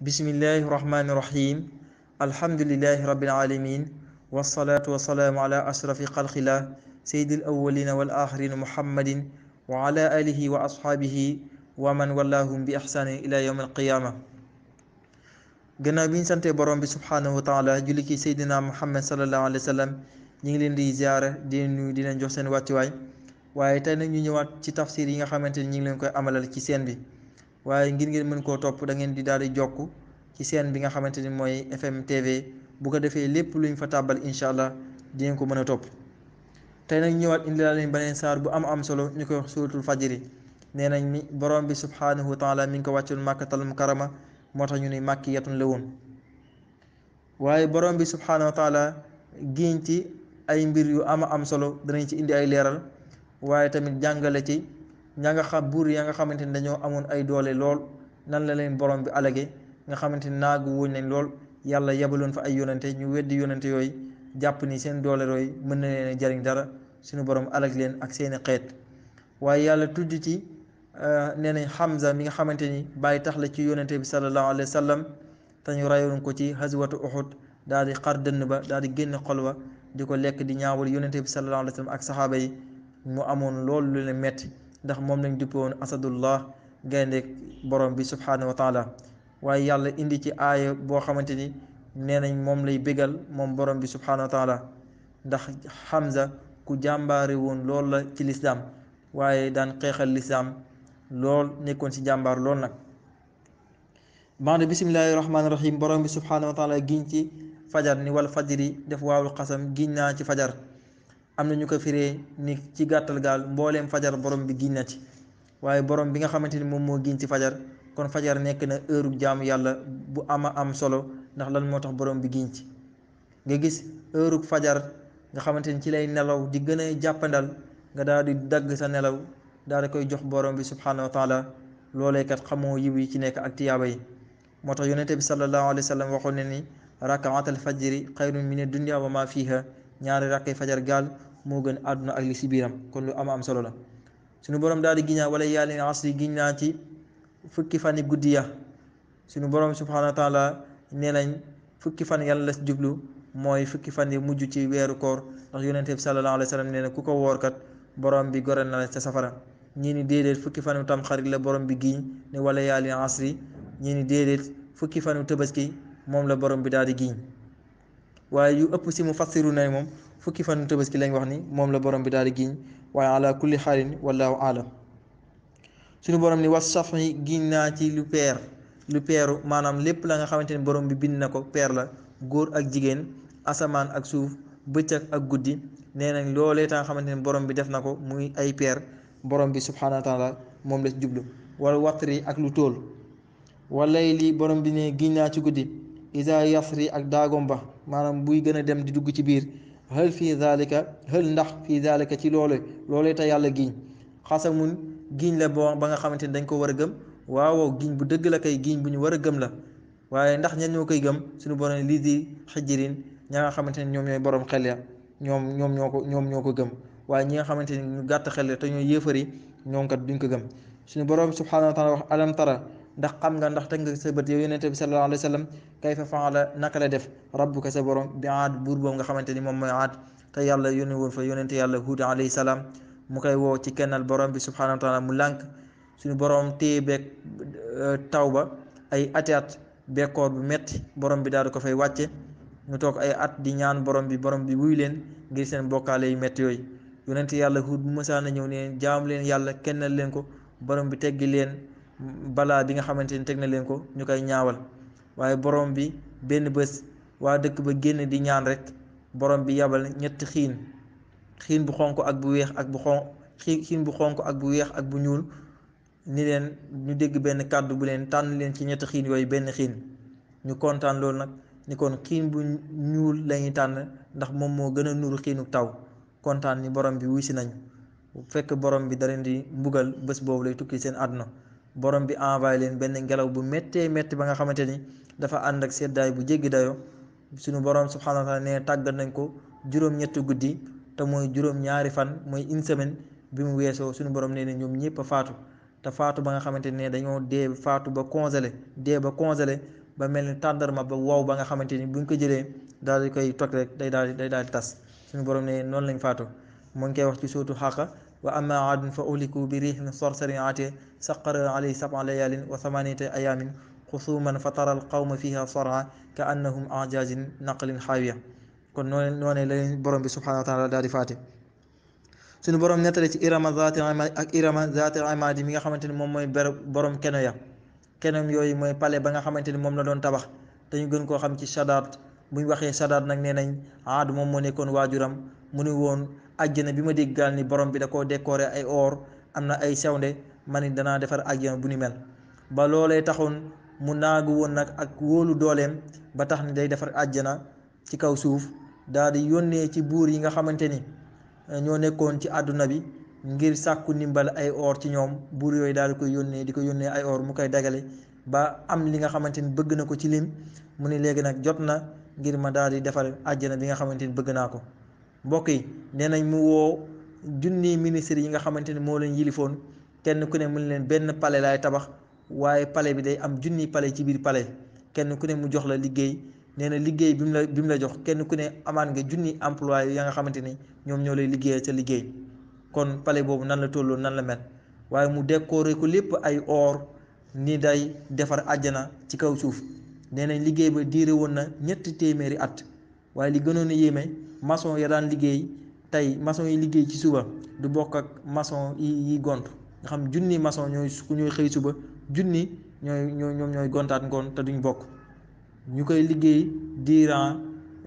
bismillahi rahmani rahim alhamdulilahi rabbil alamin wasalaatu wasalaamu ala ashrafi xalqillah sayyidil awwalina wal axirina muhammadin wa ala alihi wa ashaabihi wa man wallahum bi ihsaanin ila yawm alqiyaama gannaaw bi ñu santee borom bi subhaanahu wa taala julli ci saydina muhammad salallahu alayhi wa sallam ñu ngi leen di ziara di nuyu di leen jox seen wàccuwaay waaye tey nag ñu ñëwaat ci tafsir yi nga xamante ni ñu ngi leen koy amalal ci seen bi waaye ngir ngeen mën koo topp dangeen di daal di jokk ci seen bi nga xamante ni mooy fmtv bu ko defee lépp lu ñu fa tàbbal incha allah dinañ ko mën a topp tey nag ñëwaat indi laa leen beneen saar bu am am solo ñu ko wax suuratul fajiri nee nañ mi borom bi subhaanahu wa taala mi ngi ko wàccul màkkatal mukarama moo tax ñu ne màkkiyatun la woon waaye borom bi subhaanahu wa taala giñ ci ay mbir yu ama am solo danañ ci indi ay leeral waaye tamit jàngale ci ña nga xam buur ya nga xamante ni dañoo amoon ay doole lool nan la leen borom bi alage nga xamante ni naagu wuñ nañ lool yàlla yebaloon fa ay yonante ñu weddi yonante yooyu jàpp ni seen doole yooyu mën na leen jariñ dara suñu borom alag leen ak seeni xeet waaye yàlla tudd ci euh, nee nañ Hamza mi nga xamante ni bàyyi tax la ci yonante bi sallallahu alayhi wa sallam te ñu rayoon ko ci xaswatu uxud daal di xar dënn ba daal di génn xol ba di ko lekk di ñaawal yonante bi sallallahu alayhi wa ak saxaaba yi mu amoon loolu leen metti ndax moom lañ duppe woon asadullah gaynde borom bi subhanahu wa taala waaye yàlla indi ci aaya boo xamante ni nee nañ moom lay bégal moom borom bi subhanahu wa taala ndax Hamza ku jàmbaare woon lool la ci lislaam waaye daan xeexal lislaam lool nekkoon ci jàmbaar lool nag bande bisimillahi rahmaani rahim borom bi subhanahu wa taala ci fajar ni wal fajri def waawul xasam giñ naa ci fajar am na ñu ko firee ni ci gàttal gaal mbooleem fajar borom bi giiñ na ci waaye borom bi nga xamante ni moom moo giñ ci fajar kon fajar nekk na heure jaamu yàlla bu ama am solo ndax lan moo tax borom bi giñ ci nga gis heure fajar nga xamante ni ci lay nelaw di gën a jàppandal nga daal di dagg sa nelaw daal di koy jox borom bi subhaanahu wa taala loolee kat xamoo yiw ci nekk ak tiyaaba yi moo tax yonente bi sallallahu alayhi wa waxoon ne ni rakaat al fajri xayrun min ad dunya fajar gaal moo gën àdduna ak li si biiram kon lu am am solo la suñu boroom daal di giñaa wala yàlla ni asri giñ naa ci fukki fan yi guddi ya suñu borom subhanahu wa taala nee nañ fukki fan yàlla la jublu mooy fukki fan yi mujj ci weeru koor ndax yonente bi sallallahu alayhi wa nee na ku ko woorkat borom bi goreel na la sa safara ñii ni déedéet fukki fanu tam la boroom bi giiñ ne wala yàlla yi asri ñii ni déedéet fukki fanu tabaski moom la boroom bi daal di giiñ fukki fan tabaski lañu wax ni moom la borom bi daal di giñ waaye ala kulli xaalin wallaahu aalam suñu borom ni wax saf yi giñ naa ci lu peer lu peeru maanaam lépp la nga xamante ni borom bi bind na ko peer la góor ak jigéen asamaan ak suuf bëccëg ak guddi nee nañ loolee ta nga xamante ni borom bi def na ko muy ay peer borom bi subhaanahu wa taala moom la jublu wala watri ak lu tóol walay lii borom bi ne giñ naa ci guddi isa yasri ak maanaam buy gën dem di dugg ci biir hal fii zalika hal ndax fii zalika ci loolu loolu te yàlla giñ xasamun giñ la boo ba nga xamante ni dañ ko war a gëm waaw giñ bu dëgg la kay giñ bu ñu war a gëm la waaye ndax ñen koy gëm suñu borom lii di xijjirin ña nga xamante ne ñoom ñooy xel ya ñoom ñoom ñoo ko ñoom ñoo ko gëm waaye ñi nga xamante ni ñu gàtt xel la te ñoo yéefari ñoom duñ ko gëm suñu borom subhanahu wax alam ndax xam nga ndax teg nga sa bët yow yonente bi sallallahu alayhi wa sallam kayfa faala naka la def rabbuka sa borom bi aad buur boobu nga xamante ni moom mooy aad te yàlla yónni woon fa yonente yàlla huud alayhi salaam mu koy woo ci kennal borom bi subhanahu wa taala mu lànk suñu borom téye beeg euh, taw ba ay ati bekkoor bu metti borom bi daal di ko fay wàcce ñu toog ay at di ñaan borom bi borom bi wuy leen ngir seen bokkaale yu métti yooyu yonente yàlla huud bu mësaan a ñëw ne jaam leen yàlla kennal leen ko borom bi teggi leen balaa bi nga xamante ni teg na leen ko ñu koy ñaawal waaye borom bi benn bés waa dëkk ba génn di ñaan rekk borom bi yabal ñetti xiin xiin bu xonq ak bu weex ak bu xonk xiin bu xonq ak bu weex ak bu ñuul ni leen ñu dégg benn kàddu bu leen tànn leen ci ñetti xiin yooyu benn xiin ñu kontaan loolu nag ni kon xiin bu ñuul lañuy tànn ndax moom moo gën a nuru xiinu taw kontaan ni borom bi wuy si nañu fekk borom bi da leen di mbugal bés boobu lay tukki seen àdduna borom bi envoyé leen benn ngelaw bu méttee métti ba nga xamante ni dafa ànd ak seddaay bu jéggi dayo suñu borom subhanahu wa taala tàggat nañ ko juróom-ñetti guddi te mooy juróom-ñaari fan mooy une semaine bi mu weesoo suñu borom nee na ñoom ñëpp a faatu te faatu ba nga xamante ne dañoo dee faatu ba congelé dee ba congelé ba mel ni tàndarma ba wow ba nga xamante ni buñ ko jëlee daal di koy toj rek day daal day daal di tas suñu borom ne noonu lañ faatu mu ngi koy wax ci wa amma aadun fa uhliku bi riixin sarsarin ate saqara alay sab'a layaalin wa thamaniyata ayaamin xusuuman fa tara alqawma fiha sar'a ka annahum ajaazin naqlin xaawiya kon noone noone la bi subhanahu wa taala daal di faate suñu borom nettali ci irama zaati ak irama zaati imaadi mi nga xamante ni moom mooy berab borom keno ya kenom yooyu mooy pale ba nga xamante ni moom la doon tabax dañu gën koo xam ci shadaat buñ waxee shadaat nag nee nañ aad moom moo nekkoon waajuram mu ni woon àjjana bi ma dégg ni borom bi da koo décoré ay or am na ay sewnde ma ni danaa defar àjjana bu ni mel ba loolee taxoon mu naagu woon nag ak wóolu dooleem ba tax ni day defar àjjana ci kaw suuf daal di yónnee ci buur yi nga xamante ni eh, ñoo nekkoon ci àdduna bi ngir sàkku ndimbal ay or ci ñoom buur yooyu daal di koy yónnee di ko yónnee ay or mu koy dagale ba am li nga xamante ni bëgg na ko ci lim mu ni léegi nag jot na ngir ma daal di defar àjjana bi nga xamante ni bëgg naa ko mbokk yi nee nañ mu woo junni ministre yi nga xamante ne moo leen yilifoon kenn ku ne mu leen benn pale laay tabax waaye pale bi day am junni pale ci biir pale kenn ku ne mu jox la liggéey nee na liggéey bi mu la bi mu la jox kenn ku ne amaan nga junni emploi ya nga xamante ni ñoom ñoo lay liggéeyal sa liggéey kon pale boobu nan la tolloon nan la mel waaye mu décoré ko lépp ay or ni day defar àjjana ci kaw suuf nee nañ liggéey ba diire woon na ñetti téeméeri at waaye li gënoon a yéeme mason ya daan liggéey tey maçon yi liggéey ci suba du bokk ak mason yi yi gont nga xam junni maçon ñooy ñooy xëy suba junni ñooy ñoo ñoom ñooy gontaat ngoon te duñu bokk ñu koy liggéey durant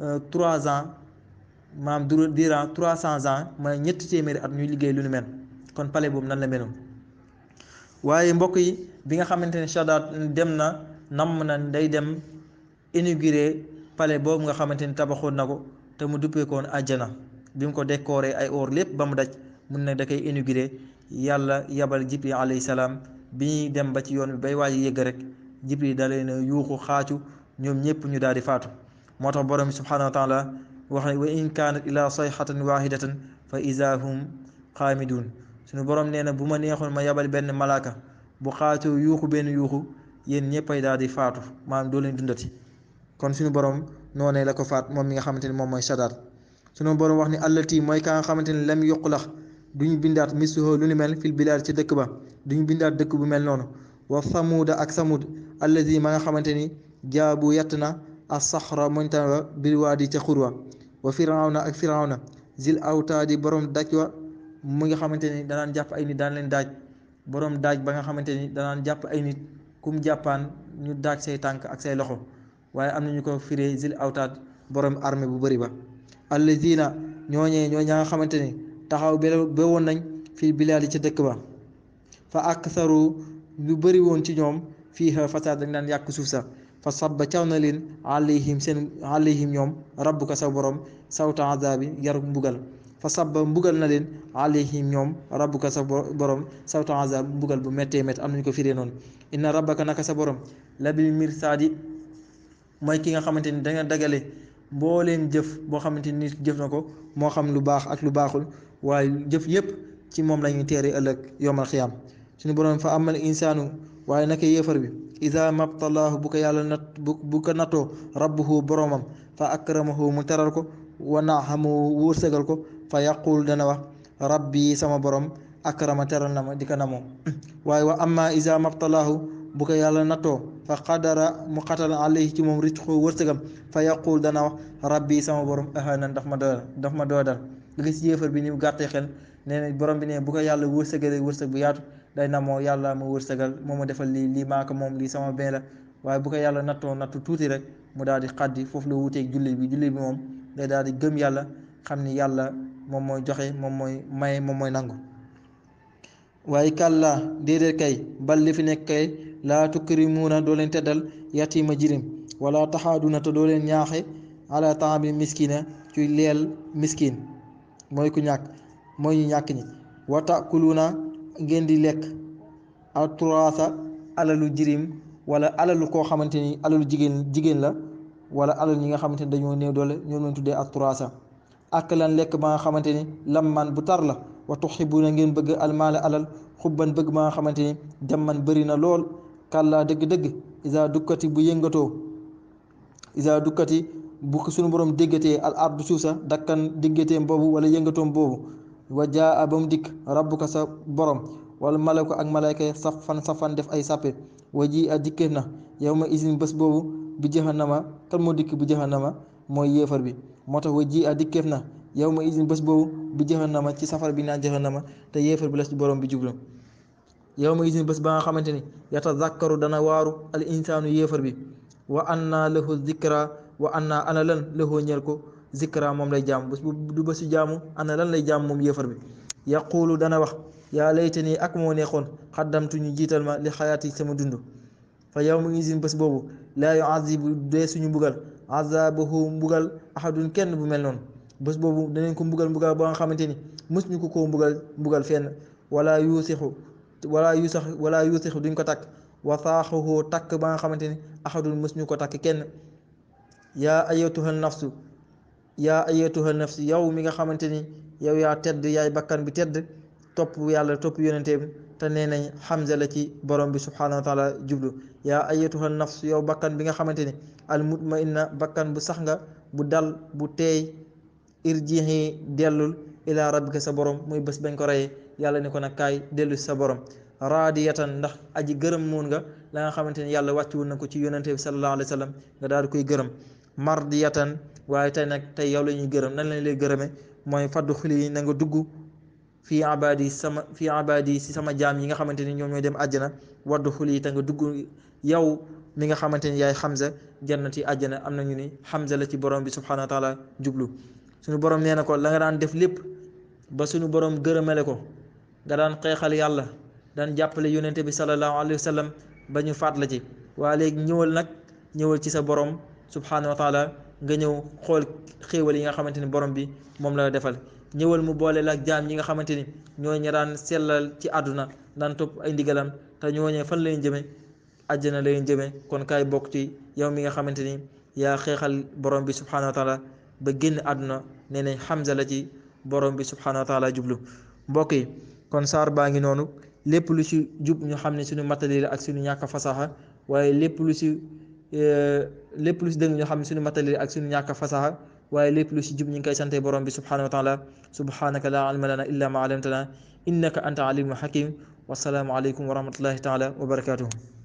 euh, trois ans maam du durant trois cents ans ma ñetti téeméeri at ñuy liggéey lu nu mel kon pale boobu nan la meloon waaye mbokk yi bi nga xamante ne Sadat dem na namm na day dem inaugurer pale boobu nga xamante ni tabaxoon na ko te mu duppee koon àjjana bi mu ko décoré ay or lépp ba mu daj mun nag da koy yàlla yabal jibril alayhi salaam bi ñuy dem ba ci yoon bi bay waaj yëg rek jibril da na a yuuxu xaacu ñoom ñëpp ñu daal di faatu moo tax borom bi subhanahu wa taala wax ne wa in kaanat ilaa sayxatan waahidatan fa iza hum xaamidun sunu borom nee na bu ma neexoon ma yabal benn malaaka bu xaacoo yuuxu benn yuuxu yéen ñëppay daal di faatu maanaam doo leen dundati kon suñu borom noonee la ko faat moom mi nga xamante ni moom mooy sadar sunu borom wax ni allati mooy ka nga xamante ni lam du duñu bindaat misuhoo lu ni mel fil bilaad ci dëkk ba duñu bindaat dëkk bu mel noonu wa samuuda ak samuud allazi ba nga xamante ni jaabu yett na a saxra montan wa bil waadi ca xurwa wa na ak firawna zil awtaadi boroom daj wa mu nga xamante ni danaan jàpp ay nit daan leen daaj boroom daaj ba nga xamante ni danaan jàpp ay nit kum jàppaan ñu daaj say tànk ak say loxo waaye am na ñu ko firee zil awtaat borom armée bu bëri ba allazina ñooñee ñoo ñaa nga xamante ne taxaw ba woon nañ fii bilaadi ca dëkk ba fa aksaru lu bëri woon ci ñoom fii a fasaad dañ daan yàq suuf sa fa sabba caw na leen alayhim seen alayhim ñoom rabbuka sa borom sawta azabi yarug mbugal fa sabba mbugal na leen alayhim ñoom rabbuka sa borom sawta azab mbugal bu méttee métt am nañu ko firee noonu inna rabbaka naka sa boroom labil mirsaadi mooy ki nga xamante ni danga dagale mbooleem jëf boo xamante ni nit jëf na ko moo xam lu baax ak lu baaxul waaye jëf yépp ci moom la ñuy teere ëllëg yomal xiyaam suñu boroom fa amal insaanu waaye naka yéefar bi ida mabtalaahu bu ko yàlla nat bu ko nattoo rabbuhu boroomam fa akramahu mu teral ko wa naxamu wërsëgal ko fa yaqul dana wax rabbi sama borom akrama teral na ma di ko namoo bu ko yàlla nattoo fa qadara mu xatal alayhi ci moom rizqu wërsëgam fa yaqul dana wax rabbi sama borom ahanan daf ma doyal daf ma doyadal nga gis yéefar bi ni mu gàttee xel nee na borom bi ne bu ko yàlla wërsëgalee wërsëg bu yaatu day na moo yàlla ma wërsëgal moo ma defal lii lii maa moom lii sama benn waaye bu ko yàlla nattoo nattu tuuti rek mu daal di xaddi foofu la wuteeg jullit bi jullit bi moom day daal di gëm yàlla xam ni yàlla moom mooy joxe moom mooy maye moom mooy nangu waaye kàlla déedéet kay bal li fi nekk kay laa tukrimuuna doo leen teddal yatiima jirim wala taxaaduna te doo leen ñaaxe ala taabi miskina ci leel miskin mooy ku ñàkk mooy ñu ñàkk ñi wa taakuluuna ngeen di lekk aturaasa alalu jirim walla alalu koo xamante ni alalu jigéen jigéen la wala alalu ñi nga xamante ni dañoo néew doole ñoom lañ tuddee aturaasa ak lan lekk ba nga xamante ni lamman bu tar la wa tuxibuuna ngeen bëgg almaala alal xubban bëgg ma nga xamante ni jamman bëri na lool kàllaa dëgg-dëgg isa dukkati bu yëngatoo isa dukkati bu ko sunu borom déggatee al ardu suuf sa dakkan déggateem boobu wala yëngatoom boobu wa jaa dikk mu ko sa borom wala malaku ak malayka safan safan def ay sàppe wa ji a dikkee na yow ma isin bës boobu bi jahannama kan moo dikk bu jahannama mooy yéefar bi moo tax wa ji a dikkeef na yow ma isin bés bi jahannama ci safara bi naa jahannama te yéefar bi la ci borom bi jublu yow ma isin bés ba nga xamante ni yatazakkaru dana waaru al insaanu yéefar bi wa anna lahu zikra wa anna ana lan ko zikra moom lay jaamu bés bu du bésu jaamu ana lan lay jaamu moom yéefar bi yaquulu dana wax yaa layte ak moo neexoon xaddamtu ñu jiital ma li xayaati sama dund fa yow ma isin bés boobu laa yuazibu dee suñu mbugal azabahu mbugal ahadun kenn bu mel noonu bés boobu danañ ko mbugal mbugal ba nga xamante ni mës ñu ko koo mbugal mbugal fenn wala yuusixu wala yuusax wala yuusixu duñ ko takk wa saaxuhu takk ba nga xamante ni axadul mës ñu ko takk kenn yaa ayatuha yaa ayatuha nafsu yow mi nga xamante ni yow yaa tedd yaay bakkan bi tedd topp yàlla topp yonenteem te nee nañ xamza la ci borom bi subhanahu wa taala jublu yaa ayatuha nafsu yow bakkan bi nga xamante ni al mutmainna bakkan bu sax nga bu dal bu teey irjixi dellul ilaa rabbika sa borom muy bés bañ ko reyee yàlla ni ko nag kaay dellu si sa borom raadiyatan ndax aji gërëm muun nga la nga xamante ne yàlla wàcc woon na ko ci yonente bi sallallahu alayhi wa sallam nga daal di koy waaye tey nag tey yow la ñuy gërëm nan lañ lay gërëmee mooy faddu xuli na nga dugg fii abadi sama fii abadi si sama jaam yi nga xamante ni ñoom ñooy dem àjjana waddu xuli te nga dugg yow mi nga xamante ni yaay xamza jannati àjjana am nañu ni xamza la ci borom bi subhanahu wa taala jublu suñu borom nee na ko la nga daan def lépp ba suñu borom gërëmale ko nga daan xeexal yàlla daan jàppale yonente bi sallallahu alayhi wa sallam ba ñu faat la ji waa léegi ñëwal nag ñëwal ci sa borom subhanahu wa nga ñëw xool xéewal yi nga xamante ni borom bi moom la defal ñëwal mu boole la ak jaam ñi nga xamante ni ñooñu ñu daan sellal ci àdduna daan topp ay ndigalam te ñooñu fan lañu jëme na lañu jëme kon kaay bokk ci yow mi nga xamante ni yaa xeexal borom bi subhanahu wa taala ba génn àdduna nee nañ Hamza la ci borom bi subhanahu wa taala jublu mbokk yi kon saar baa ngi noonu lépp lu si jub ñu xam ne suñu matali la ak suñu ñàkk fasaxa waaye lépp lu si eh, lépp lu ci xam ne suñu matali la ñàkk fasaxa waaye lépp lu ci jub ñu ngi koy sante borom bi subhanahu wa taala subhanaka laa ilma lana illa ma alamtana innaka anta alimul hakim wasalaamu aleykum wa rahmatullahi taala wa barakatuhu